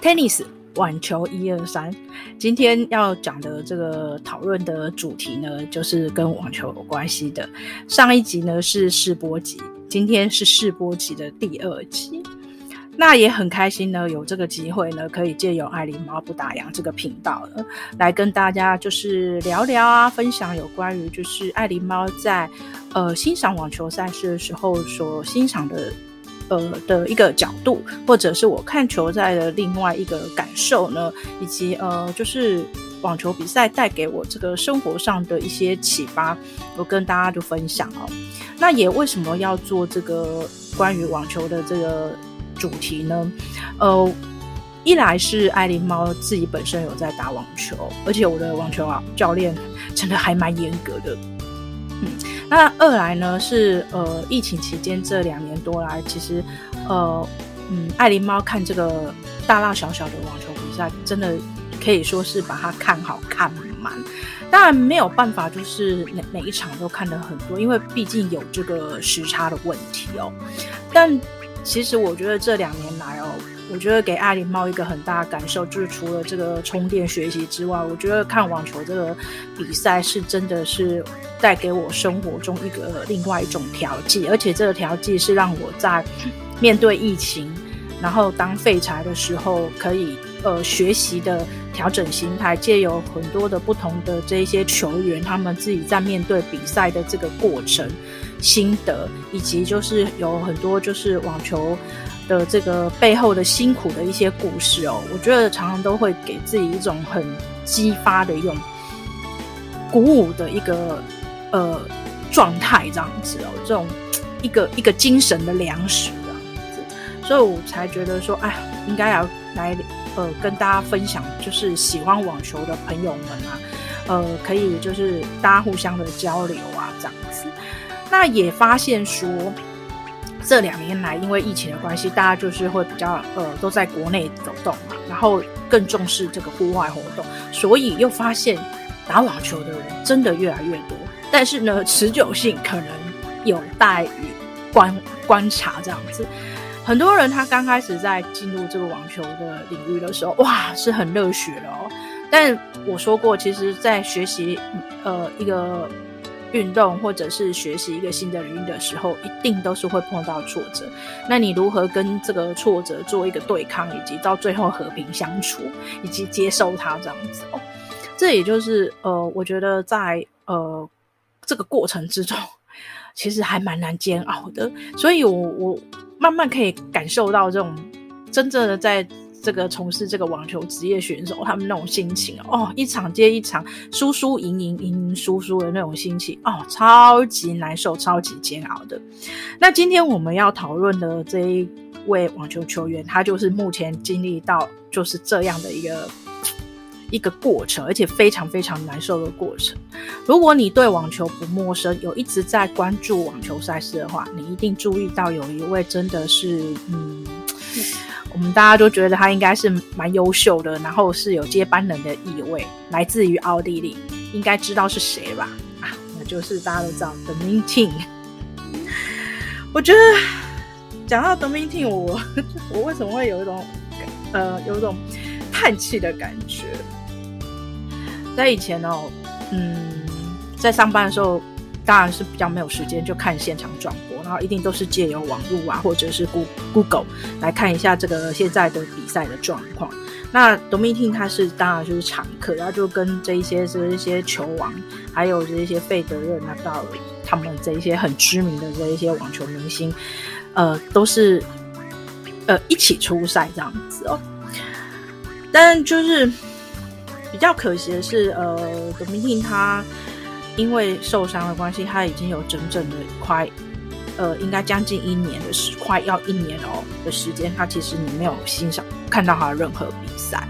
Tennis 網球123，今天要講的這個討論的主題呢，就是跟網球有關係的。上一集呢是試播集，今天是試播集的第二集。那也很開心呢，有這個機會呢，可以借由愛琳貓不打烊這個頻道了，來跟大家就是聊聊啊，分享有關於就是愛琳貓在呃欣賞網球賽事的時候所欣賞的。呃的一個角度，或者是我看球賽的另外一個感受呢，以及呃，就是網球比賽帶給我這個生活上的一些啟發，我跟大家就分享哦。那也為什麼要做這個關於網球的這個主題呢？呃，一來是艾琳貓自己本身有在打網球，而且我的網球啊教練真的還蠻嚴格的，嗯。那二來呢是呃，疫情期間這兩年多來，其實，呃，嗯，愛琳貓看這個大大小小的網球比賽，真的可以說是把它看好看滿。當然沒有辦法，就是每每一場都看得很多，因為畢竟有這個時差的問題哦。但其實我覺得這兩年來哦。我覺得給阿里貓一個很大的感受，就是除了這個充電學習之外，我覺得看網球這個比賽是真的是帶給我生活中一個另外一種調劑，而且這個調劑是讓我在面對疫情，然後當廢柴的時候，可以呃學習的調整心態，借由很多的不同的這些球員，他們自己在面對比賽的這個過程。心得，以及就是有很多就是網球的這個背後的辛苦的一些故事哦，我覺得常常都會給自己一種很激發的一種鼓舞的一個呃狀態，這樣子哦，這種一個一個精神的糧食啊這樣子，所以我才覺得說，哎，應該要來呃跟大家分享，就是喜歡網球的朋友們啊，呃，可以就是大家互相的交流啊，這樣子。那也發現說，這兩年來因為疫情的關係，大家就是會比較呃都在國內走動嘛，然後更重視這個戶外活動，所以又發現打網球的人真的越來越多。但是呢，持久性可能有待於觀觀察這樣子。很多人他剛開始在進入這個網球的領域的時候，哇，是很熱血的哦。但我說過，其實，在學習呃一個。運動或者是學習一個新的領域的時候，一定都是會碰到挫折。那你如何跟這個挫折做一個對抗，以及到最後和平相處，以及接受它這樣子？哦，這也就是呃，我覺得在呃這個過程之中，其實還蠻難煎熬的。所以我，我我慢慢可以感受到這種真正的在。這個從事這個網球職業選手，他們那種心情哦，一場接一場輸輸贏贏贏贏輸輸的那種心情哦，超級難受，超級煎熬的。那今天我們要討論的這一位網球球員，他就是目前經歷到就是這樣的一個一個過程，而且非常非常難受的過程。如果你對網球不陌生，有一直在關注網球賽事的話，你一定注意到有一位真的是嗯。 我們大家都覺得他應該是蠻優秀的，然後是有接班人的意味，來自於奧地利，應該知道是誰吧？啊，那就是大家都知道的 Dominic，我覺得講到 Dominic，我我為什麼會有一種呃有一種嘆氣的感覺？在以前呢、哦，嗯，在上班的時候當然是比較沒有時間，就看現場狀況。然後一定都是借由網路啊，或者是 Google 來看一下這個現在的比賽的狀況。那 Dominic 他是當然就是常客，然後就跟這一些這一些球王，還有這一些費德勒拿到他們這一些很知名的這一些網球明星，呃，都是呃一起出賽這樣子哦。但就是比較可惜的是，呃，Dominic 他因為受傷的關係，他已經有整整的快。呃，應該將近一年的時，就是，快要一年哦、喔，的時間，他其實你沒有欣賞看到他的任何比賽。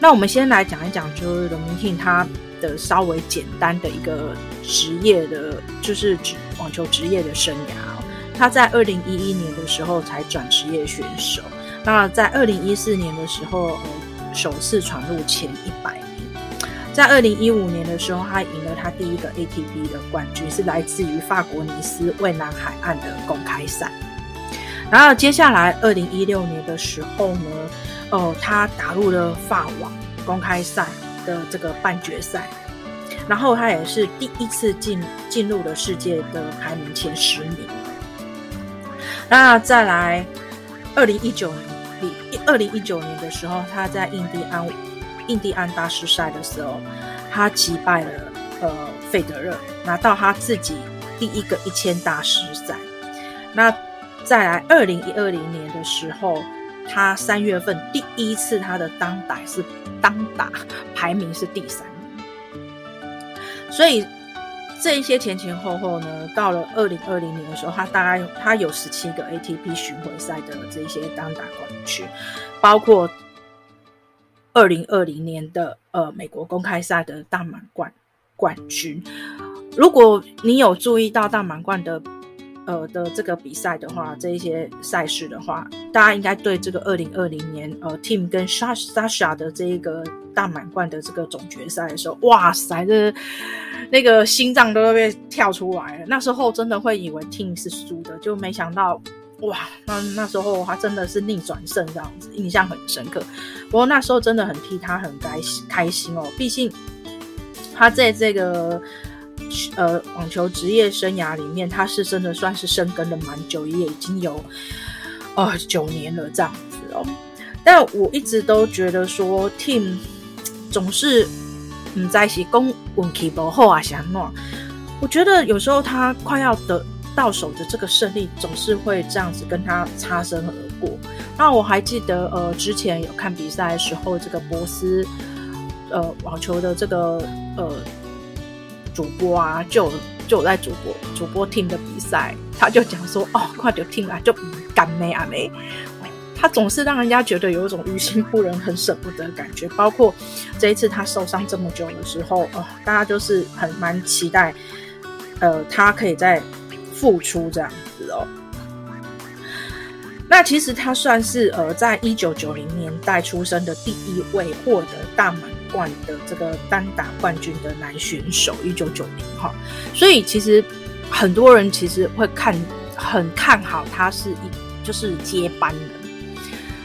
那我們先來講一講，就是龍明遜他的稍微簡單的一個職業的，就是職網球職業的生涯喔。他在二零一一年的時候才轉職業選手，那在二零一四年的時候首次闖入前一百。在二零一五年的時候，他贏了他第一個 ATP 的冠軍，是來自於法國尼斯蔚藍海岸的公開賽。然後接下來二零一六年的時候呢，哦，他打入了法網公開賽的這個半決賽，然後他也是第一次進進入了世界的排名前十名。那再來二零一九年，二零一九年的時候，他在印第安。印第安大師賽的時候，他擊敗了呃費德勒，拿到他自己第一個一千大師賽。那再來二零一二年的時候，他三月份第一次他的單打是單打排名是第三名。所以這一些前前後後呢，到了二零二零年的時候，他大概他有十七個 ATP 巡迴賽的這一些單打冠軍，包括，二零二零年的呃美國公開賽的大滿貫冠,冠軍，如果你有注意到大滿貫的呃的這個比賽的話，這一些賽事的話，大家應該對這個二零二零年呃 Thiem 跟 Sasha 的這個大滿貫的這個總決賽的時候，哇塞，這那個心臟都,都被跳出來了，那時候真的會以為 Thiem 是輸的，就沒想到。哇，那那時候他真的是逆轉勝這樣子，印象很深刻。不過那時候真的很替他很開開心哦，畢竟他在這個呃網球職業生涯裡面，他是真的算是深耕的蠻久，也已經有呃九年了這樣子哦。但我一直都覺得說 Thiem 總是嗯在一起運氣不好啊，想 n 我覺得有時候他快要得。到手的這個勝利總是會這樣子跟他擦身而過。那我還記得，呃，之前有看比賽的時候，這個博斯呃網球的這個呃主播啊，就就在主播主播 Thiem 的比賽，他就講說：“哦，快點 Thiem 啊，就幹咩啊咩。”他總是讓人家覺得有一種於心不忍、很捨不得的感覺。包括這一次他受傷這麼久的時候，呃，大家就是很蠻期待，呃，他可以在。付出這樣子哦、喔，那其實他算是呃，在一九九零年代出生的第一位獲得大滿貫的這個單打冠軍的男選手，一九九零年哈。所以其實很多人其實會看很看好他是一就是接班人。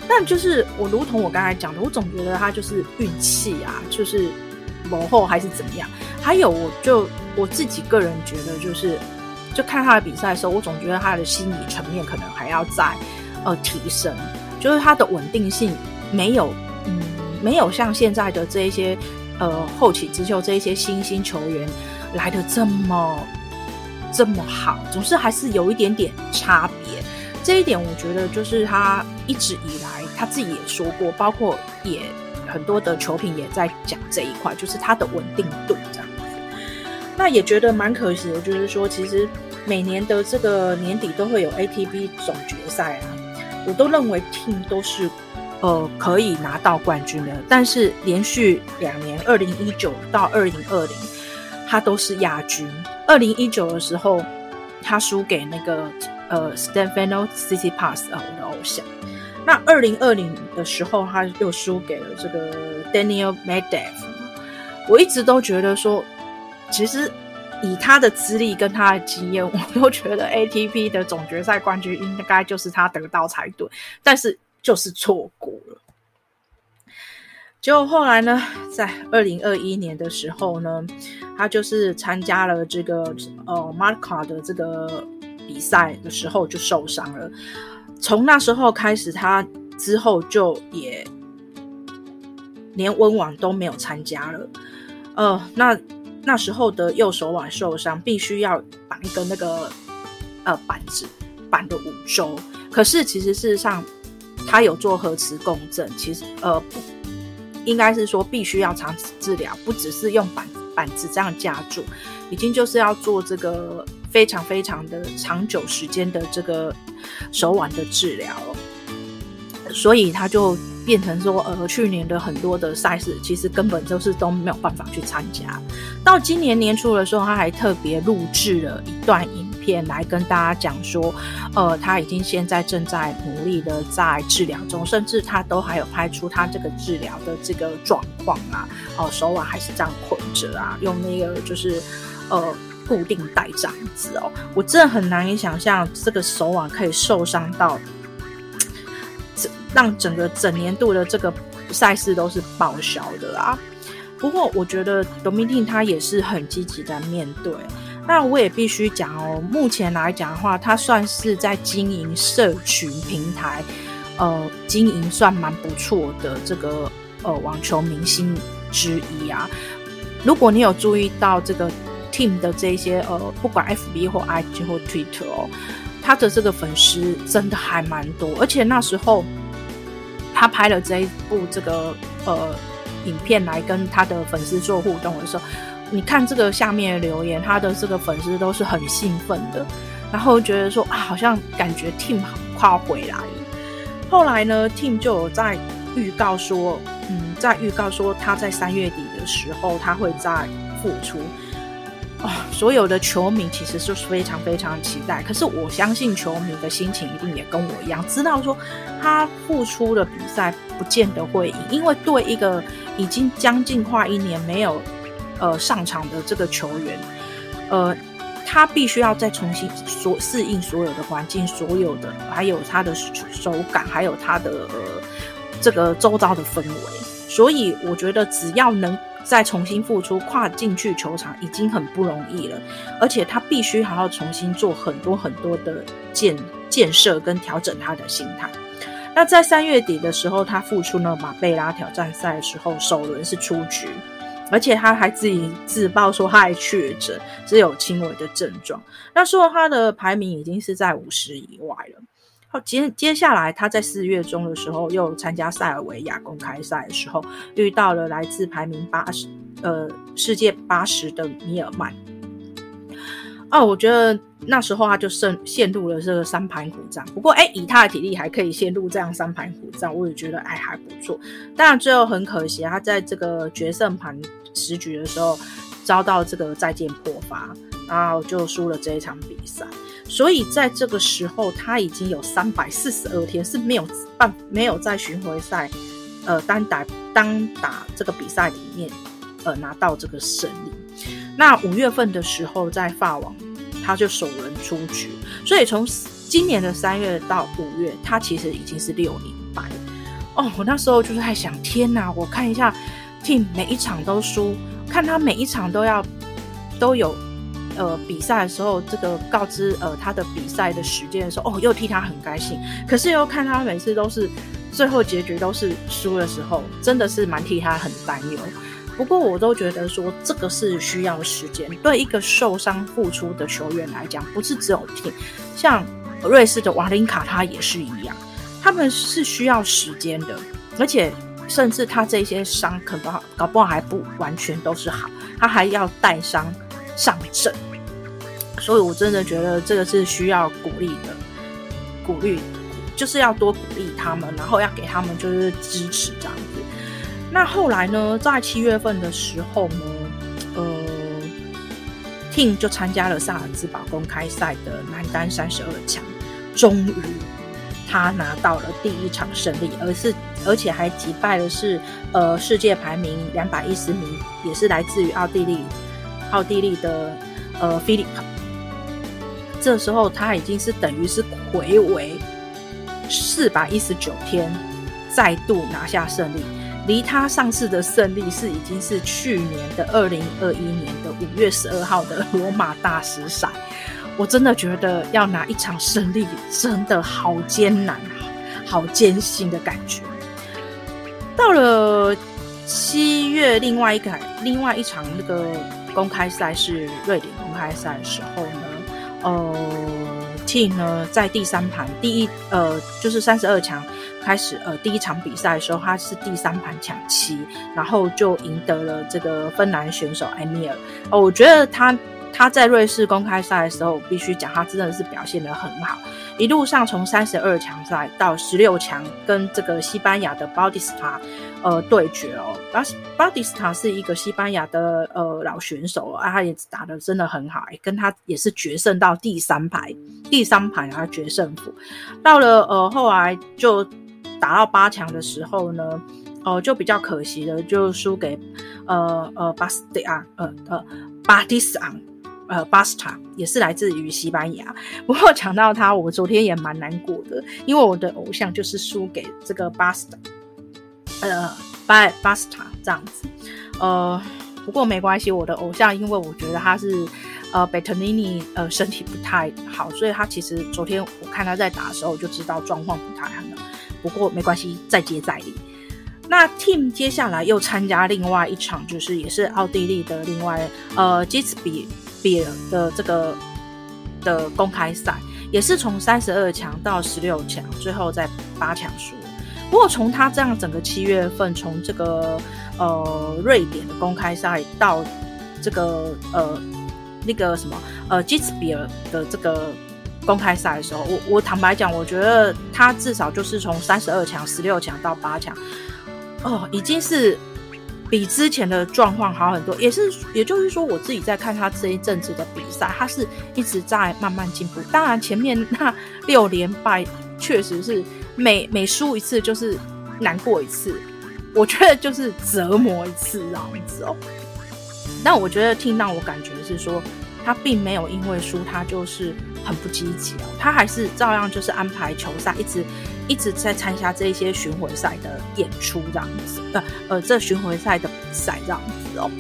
但就是我如同我剛才講的，我總覺得他就是運氣啊，就是落後還是怎麼樣。還有我就我自己個人覺得就是。就看他的比賽的時候，我總覺得他的心理層面可能還要再，呃，提升，就是他的穩定性沒有，嗯，沒有像現在的這一些，呃，後起之秀這一些新星球員來的這麼，這麼好，總是還是有一點點差別。這一點我覺得就是他一直以來他自己也說過，包括也很多的球評也在講這一塊，就是他的穩定度。那也覺得蠻可惜的，就是說，其實每年的這個年底都會有 ATP 總決賽啊，我都認為 Thiem 都是呃可以拿到冠軍的，但是連續兩年，二零一九到二零二零，他都是亞軍。二零一九的時候，他輸給那個呃 Stefanos Tsitsipas 啊，我的偶像。那二零二零的時候，他又輸給了這個 Daniil Medvedev。我一直都覺得說。其實以他的資歷跟他的經驗，我都覺得 ATP 的總決賽冠軍應該就是他得到才對，但是就是錯過了。結果後來呢，在二零二一年的時候呢，他就是參加了這個呃馬卡的這個比賽的時候就受傷了。從那時候開始，他之後就也連溫網都沒有參加了。呃，那。那時候的右手腕受傷，必須要綁一個那個呃板子，綁了五週。可是其實事實上，他有做核磁共振，其實呃不應該是說必須要長期治療，不只是用板子板子這樣夾住，已經就是要做這個非常非常的長久時間的這個手腕的治療，所以他就。變成說，呃，去年的很多的賽事，其實根本就是都沒有辦法去參加。到今年年初的時候，他還特別錄製了一段影片來跟大家講說，呃，他已經現在正在努力的在治療中，甚至他都還有拍出他這個治療的這個狀況啊，哦，手腕還是這樣捆着啊，用那個就是呃固定帶這樣子哦，我真的很難以想象這個手腕可以受傷到。讓整個整年度的這個賽事都是報銷的啦、啊。不過我覺得 Dominic 他也是很積極在面對。那我也必須講哦，目前來講的話，他算是在經營社群平台，呃，經營算蠻不錯的這個呃網球明星之一啊。如果你有注意到這個 Thiem 的這些呃，不管 FB 或 IG 或 Twitter 哦，他的這個粉絲真的還蠻多，而且那時候。他拍了這一部這個呃影片來跟他的粉絲做互動的時候，你看這個下面的留言，他的這個粉絲都是很興奮的，然後覺得說啊，好像感覺 Thiem 快回來了。後來呢，Thiem 就有在預告說，嗯，在預告說他在三月底的時候，他會再復出。哦、所有的球迷其實是非常非常期待，可是我相信球迷的心情一定也跟我一樣，知道說他復出的比賽不見得會贏，因為對一個已經將近快一年沒有呃上場的這個球員，呃，他必須要再重新所適應所有的環境，所有的還有他的手感，還有他的、呃、這個周遭的氛圍，所以我覺得只要能。再重新復出跨進去球場已經很不容易了，而且他必須還要重新做很多很多的建建設跟調整他的心態。那在三月底的時候，他復出呢，馬貝拉挑戰賽的時候，首輪是出局，而且他還自己自曝說他還確診，只有輕微的症狀。那說他的排名已經是在五十以外了。接接下來，他在四月中的時候又參加塞爾維亞公開賽的時候，遇到了來自排名八十呃世界八十的米爾曼。哦、啊，我覺得那時候他就陷陷入了這個三盤苦戰。不過，誒，以他的體力還可以陷入這樣三盤苦戰，我也覺得哎還不錯。當然，最後很可惜啊，他在這個決勝盤十局的時候遭到這個再見破發，然後就輸了這一場比賽。所以在這個時候，他已經有三百四十二天是沒有辦沒有在巡回賽，呃單打單打這個比賽裡面，呃拿到這個勝利。那五月份的時候，在法網他就首輪出局。所以從今年的三月到五月，他其實已經是六連敗。哦，我那時候就是在想，天吶，我看一下，Thiem 每一場都輸，看他每一場都要都有。呃，比賽的時候，這個告知呃他的比賽的時間的時候，哦，又替他很開心。可是又看他每次都是最後結局都是輸的時候，真的是蠻替他很擔憂。不過我都覺得說這個是需要時間，對一個受傷復出的球員來講，不是只有聽像瑞士的瓦林卡，他也是一樣，他們是需要時間的，而且甚至他這些傷可能搞不，搞不好還不完全都是好，他還要帶傷上陣。所以，我真的覺得這個是需要鼓勵的，鼓勵，就是要多鼓勵他們，然後要給他們就是支持這樣子。那後來呢，在七月份的時候呢，呃，Thiem 就參加了薩爾茨堡公開賽的男單三十二強，終於他拿到了第一場勝利，而是而且還擊敗的是呃世界排名兩百一十名，也是來自於奧地利，奧地利的呃 Philip 這時候他已經是等於是睽違，四百一十九天，再度拿下勝利。離他上次的勝利是已經是去年的二零二一年的五月十二號的羅馬大師賽。我真的覺得要拿一場勝利真的好艱難，啊，好艱辛的感覺。到了七月，另外一個另外一場那個公開賽是瑞典公開賽的時候。呃，Thiem 呢，在第三盤第一呃，就是三十二強開始呃，第一場比賽的時候，他是第三盤搶七，然後就贏得了這個芬蘭選手埃米爾。哦、呃，我覺得他。他在瑞士公開賽的時候，我必須講他真的是表現得很好，一路上從三十二強賽到十六強，跟這個西班牙的 Bautista 呃對決哦。Bautista 是一個西班牙的呃老選手啊，他也打得真的很好，欸，跟他也是決勝到第三排，第三排啊決勝負。到了呃後來就打到八強的時候呢，呃，就比較可惜的，就輸給呃呃 Bautista 呃，呃巴 Bautista 呃，巴斯塔也是來自於西班牙。不過講到他，我昨天也蠻難過的，因為我的偶像就是輸給這個巴斯塔，呃，巴巴斯塔這樣子。呃，不過沒關係，我的偶像，因為我覺得他是呃貝特尼尼，呃，Betonini，呃身體不太好，所以他其實昨天我看他在打的時候，我就知道狀況不太好。不過沒關係，再接再厲。那 Thiem 接下來又參加另外一場，就是也是奧地利的另外呃吉斯比。Gisby, 比爾的這個的公開賽，也是從三十二強到十六強，最後在八強輸。不過從他這樣整個七月份，從這個呃瑞典的公開賽到這個呃那個什麼呃基茨比爾的這個公開賽的時候，我我坦白講，我覺得他至少就是從三十二強、十六強到八強，哦，已經是。比之前的狀況好很多，也是，也就是說，我自己在看他這一陣子的比賽，他是一直在慢慢進步。當然，前面那六連敗確實是每每輸一次就是難過一次，我覺得就是折磨一次這樣子哦。但我覺得聽到我感覺是說，他並沒有因為輸他就是很不積極哦，他還是照樣就是安排球賽，一直。一直在參加這些巡迴賽的演出這樣子，呃呃，這巡迴賽的比賽這樣子哦。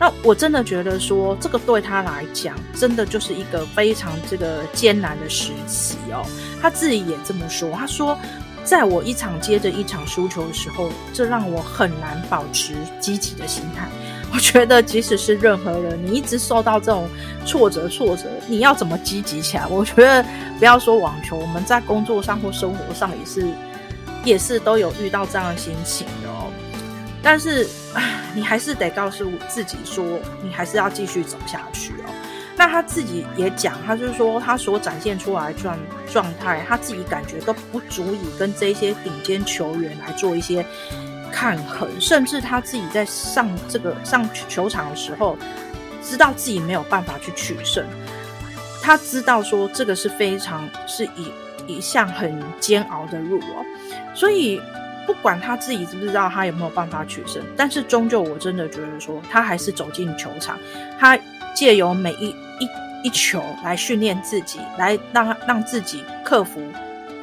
那我真的覺得說，這個對他來講，真的就是一個非常這個艱難的時期哦。他自己也這麼說，他說，在我一場接着一場輸球的時候，這讓我很難保持積極的心態。我覺得，即使是任何人，你一直受到這種挫折、挫折，你要怎麼積極起來？我覺得，不要說網球，我們在工作上或生活上也是，也是都有遇到這樣的心情的哦。但是，你還是得告訴我自己說，說你還是要繼續走下去哦。那他自己也講，他就是說，他所展現出來的狀狀態，他自己感覺都不足以跟這些頂尖球員來做一些。抗衡，甚至他自己在上這個上球場的時候，知道自己沒有辦法去取勝。他知道說，這個是非常是一一項很煎熬的路哦。所以不管他自己知不知道，他有沒有辦法取勝，但是終究我真的覺得說，他還是走進球場，他借由每一一一球來訓練自己，來讓讓自己克服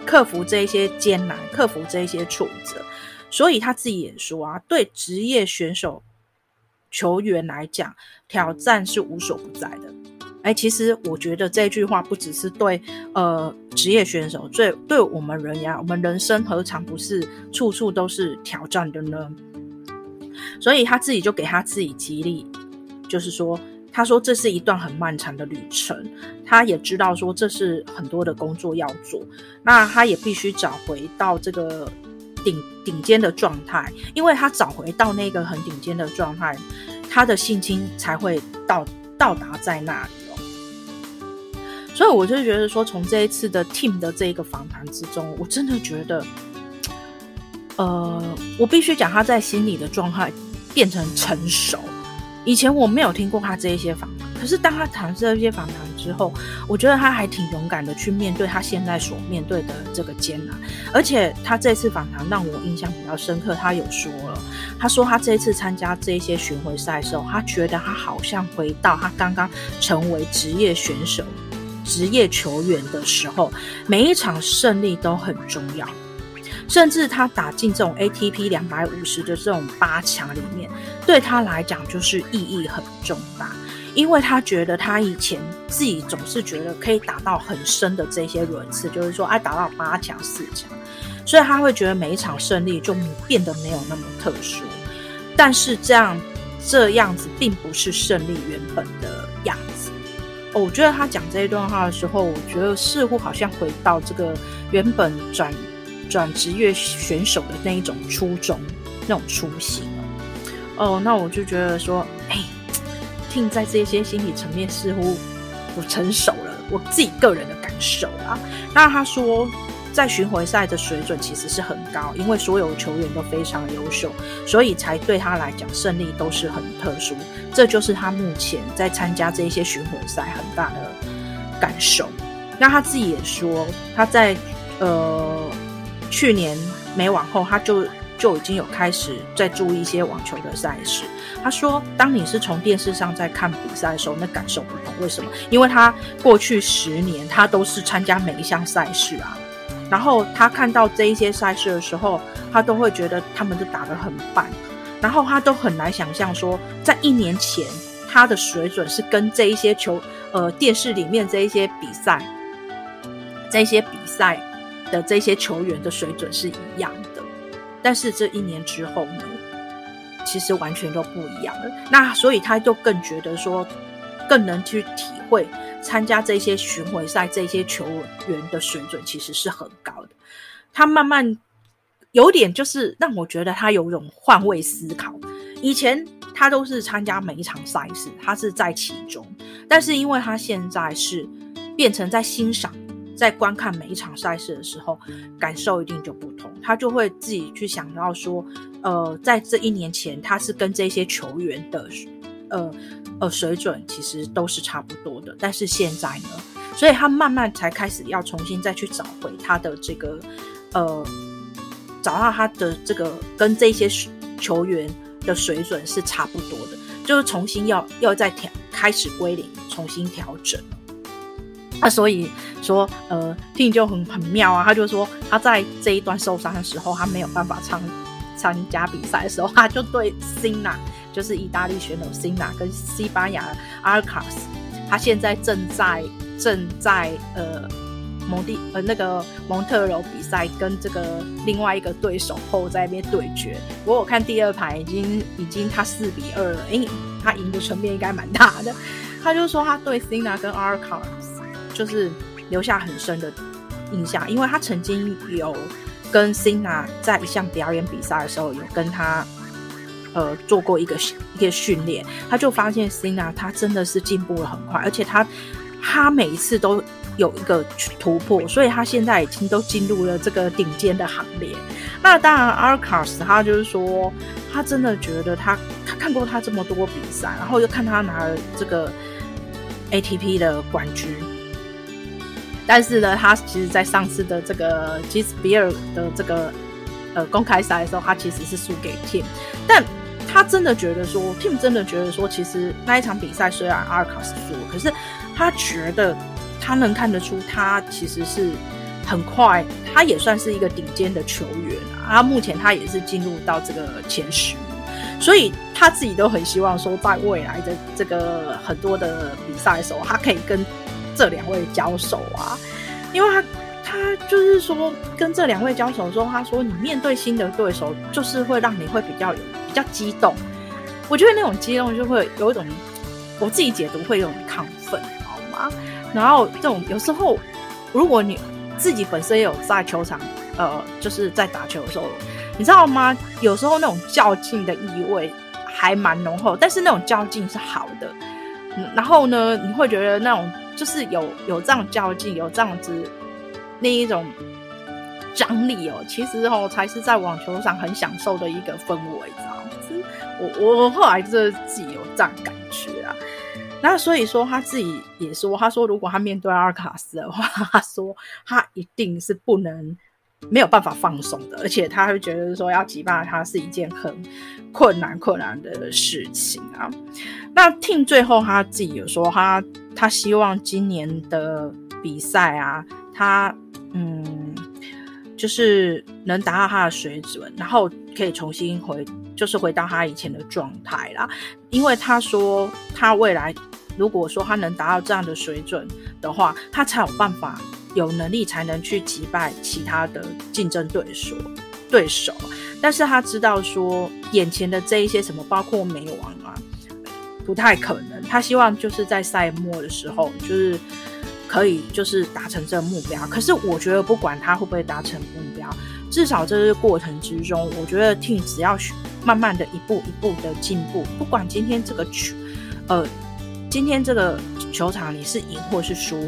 克服這一些艱難，克服這一些挫折。所以他自己也說啊，對職業選手、球員來講，挑戰是無所不在的。誒，其實我覺得這句話不只是對呃職業選手，對對我們人呀、啊，我們人生何嘗不是處處都是挑戰的呢？所以他自己就給他自己激勵，就是說，他說這是一段很漫長的旅程，他也知道說這是很多的工作要做，那他也必須找回到這個。頂頂尖的狀態，因為他找回到那個很頂尖的狀態，他的信心才會到到達在那裡哦、喔。所以我就覺得說，從這一次的 Thiem 的這一個訪談之中，我真的覺得，呃，我必須講他在心理的狀態變成，成成熟。 以前我沒有聽過他這一些訪談，可是當他談這些訪談之後，我覺得他還挺勇敢的去面對他現在所面對的這個艱難。而且他這次訪談讓我印象比較深刻，他有說了，他說他這一次參加這一些巡迴賽的時候，他覺得他好像回到他剛剛成為職業選手、職業球員的時候，每一場勝利都很重要。甚至他打進這種 ATP 兩百五十的這種八強裡面，對他來講就是意義很重大，因為他覺得他以前自己總是覺得可以打到很深的這些輪次，就是說哎、啊、打到八強四強，所以他會覺得每一場勝利就變得沒有那麼特殊。但是這樣這樣子並不是勝利原本的樣子。哦，我覺得他講這一段話的時候，我覺得似乎好像回到這個原本轉轉職業選手的那一種初衷，那種初心哦、呃，那我就覺得說，哎、欸、Thiem 在這些心理層面似乎我成熟了，我自己個人的感受啊。那他說，在巡迴賽的水準其實是很高，因為所有球員都非常優秀，所以才對他來講勝利都是很特殊。這就是他目前在參加這些巡回賽很大的感受。那他自己也說，他在呃。去年美網後，他就就已經有開始在注意一些網球的賽事。他說：“當你是從電視上在看比賽的時候，那感受不同。為什麼？因為他過去十年，他都是參加每一項賽事啊。然後他看到這一些賽事的時候，他都會覺得他們都打得很棒。然後他都很難想象說，在一年前他的水準是跟這一些球呃電視裡面這一些比賽，這一些比賽。”的這些球員的水準是一樣的，但是這一年之後呢，其實完全都不一樣了。那所以他就更覺得說，更能去體會參加這些巡迴賽這些球員的水準其實是很高的。他慢慢有點就是讓我覺得他有一種換位思考。以前他都是參加每一場賽事，他是在其中，但是因為他現在是變成在欣賞，在觀看每一場賽事的時候，感受一定就不同。他就會自己去想到說，呃，在這一年前，他是跟這些球員的，呃，呃，水準其實都是差不多的。但是現在呢，所以他慢慢才開始要重新再去找回他的這個，呃，找到他的這個跟這些球員的水準是差不多的，就是重新要要再調，開始歸零，重新調整。那，啊，所以。說呃，聽就很很妙啊。他就說他在這一段受傷的時候，他沒有辦法參參加比賽的時候，他就對 Sinner 就是意大利選手 Sinner 跟西班牙 Alcaraz，他現在正在正在呃蒙地呃那個蒙特婁比賽，跟這個另外一個對手後在那邊對決。不過我看第二盤已經已經他四比二了，誒，他贏的層面應該蠻大的。他就說他對 Sinner 跟 Alcaraz 就是。留下很深的印象，因為他曾經有跟 Sinner 在一項表演比賽的時候，有跟他呃做過一個一個訓練，他就發現 Sinner 他真的是進步了很快，而且他他每一次都有一個突破，所以他現在已經都進入了這個頂尖的行列。那當然，Alcaraz 他就是說，他真的覺得他他看過他這麼多比賽，然後又看他拿了這個 ATP 的冠軍。但是呢，他其實，在上次的這個吉斯比爾的這個呃公開賽的時候，他其實是輸給 Thiem。但他真的覺得說，Thiem 真的覺得說，其實那一場比賽雖然阿爾卡斯輸，可是他覺得他能看得出，他其實是很快，他也算是一個頂尖的球員。他目前他也是進入到這個前十，所以他自己都很希望說，在未來的這個很多的比賽的時候，他可以跟。這兩位交手啊，因為他他就是說跟這兩位交手的時候，他說你面對新的對手，就是會讓你會比較有比較激動。我覺得那種激動就會有一種，我自己解讀會有一種亢奮，好嗎？然後這種有時候，如果你自己本身也有在球場，呃，就是在打球的時候，你知道嗎？有時候那種較勁的意味還蠻濃厚，但是那種較勁是好的。然後呢，你會覺得那種。就是有有這樣較勁，有這樣子那一種張力哦，其實哦才是在網球上很享受的一個氛圍，這樣子我我後來就是自己有這樣感覺啊。那所以說他自己也說，他說如果他面對阿爾卡斯的話，他說他一定是不能沒有辦法放鬆的，而且他會覺得說要擊敗他是一件很。困難困難的事情啊，那 Thiem 最後他自己有說他，他他希望今年的比賽啊，他嗯，就是能達到他的水準，然後可以重新回，就是回到他以前的狀態啦。因為他說，他未來如果說他能達到這樣的水準的話，他才有辦法有能力才能去擊敗其他的競爭對手對手。但是他知道說，眼前的這一些什麼，包括美網啊，不太可能。他希望就是在賽末的時候，就是可以就是達成這個目標。可是我覺得，不管他會不會達成目標，至少這個過程之中，我覺得 Thiem 只要慢慢的一步一步的進步。不管今天這個球，呃，今天這個球場你是贏或是輸，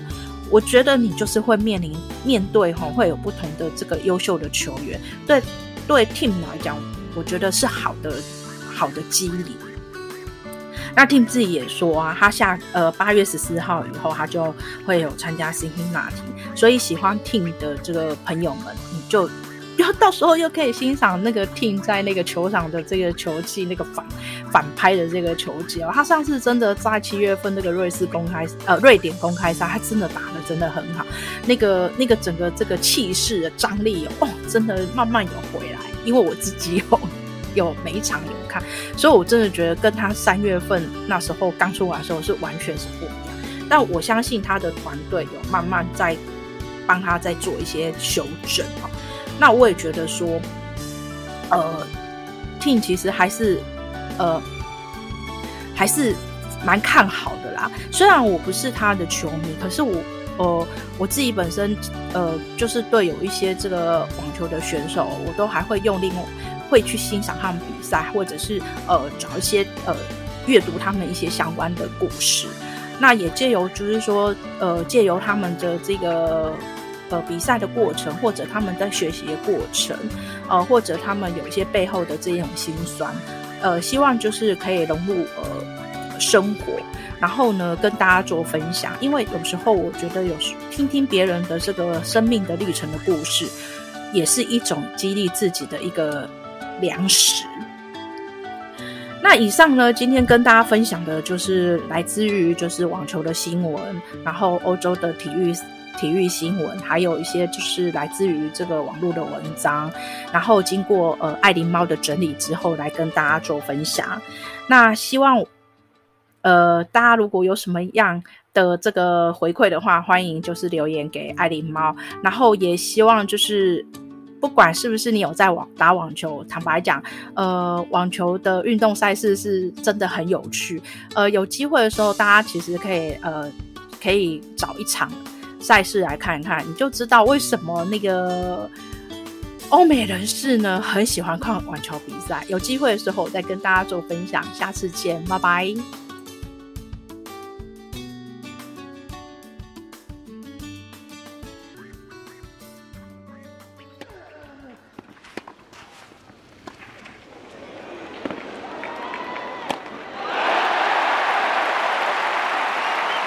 我覺得你就是會面臨面對哈，會有不同的這個優秀的球員對。對 Thiem 來講，我覺得是好的，好的激勵。那 Thiem 自己也說啊，他下呃八月十四號以後，他就會有參加辛辛那提，所以喜歡 Thiem 的這個朋友們，你就要到時候又可以欣賞那個 Thiem 在那個球場的這個球技，那個反反拍的這個球技哦。他上次真的在七月份那個瑞士公開呃，瑞典公開賽，他真的打得真的很好，那個那個整個這個氣勢的張力哦，真的慢慢有回來。因為我自己有有每一場有看，所以我真的覺得跟他三月份那時候剛出來的時候是完全是不一樣。但我相信他的團隊有慢慢在幫他再做一些修正。那我也覺得說，呃 Thiem 其實還是呃還是蠻看好的啦。雖然我不是他的球迷，可是我。哦、呃，我自己本身，呃，就是對有一些這個網球的選手，我都還會用另外會去欣賞他們比賽，或者是呃找一些呃閱讀他們一些相關的故事。那也借由就是說，呃，借由他們的這個呃比賽的過程，或者他們在學習的過程，呃，或者他們有一些背後的這種心酸，呃，希望就是可以融入呃。生活，然後呢，跟大家做分享。因為有時候我覺得，有時聽聽別人的這個生命的歷程的故事，也是一種激勵自己的一個糧食。那以上呢，今天跟大家分享的就是來自於就是網球的新聞，然後歐洲的體育體育新聞，還有一些就是來自於這個網絡的文章，然後經過呃愛琳貓的整理之後，來跟大家做分享。那希望。呃，大家如果有什麼樣的這個回饋的話，歡迎就是留言給艾琳貓。然後也希望就是，不管是不是你有在網打網球，坦白講，呃，網球的運動賽事是真的很有趣。呃，有機會的時候，大家其實可以呃可以找一場賽事來看看，你就知道為什麼那個歐美人士呢很喜歡看網球比賽。有機會的時候再跟大家做分享，下次見，拜拜。